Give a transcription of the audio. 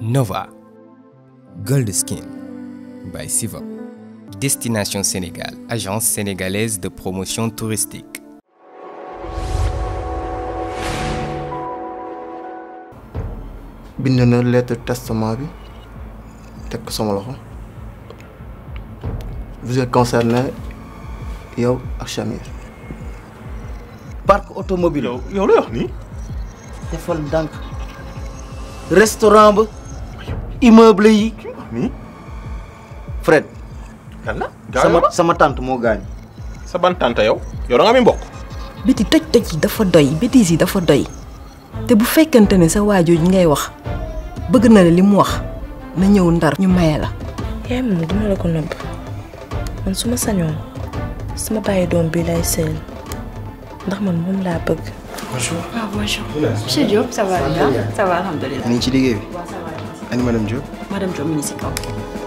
Nova, Gold Skin by Siva. Destination Sénégal, agence sénégalaise de promotion touristique. bind lettre testament bi sama loxo vous êtes concerné yo ak parc automobile yow yow wax nii. defal ndànk restaurant immeuble yi. Fred. la sama sama tante moo gaañ. sa ban tante yow yow da nga mi mbokk. biti toj-toj yi dafa doy bêtises yi dafa doy te bu fekkante ne sa waajoo ji ngay wax bëgg na la li mu wax na ñëw ndar ñu maye la. yaay moom dina la ko nëbb man su ma sañoon sama bàyyi doom bii lay seel ndax man moom laa bëgg. Ah, bonjour ah ci liggéey Anne madame Diop Madame Diop Municipal.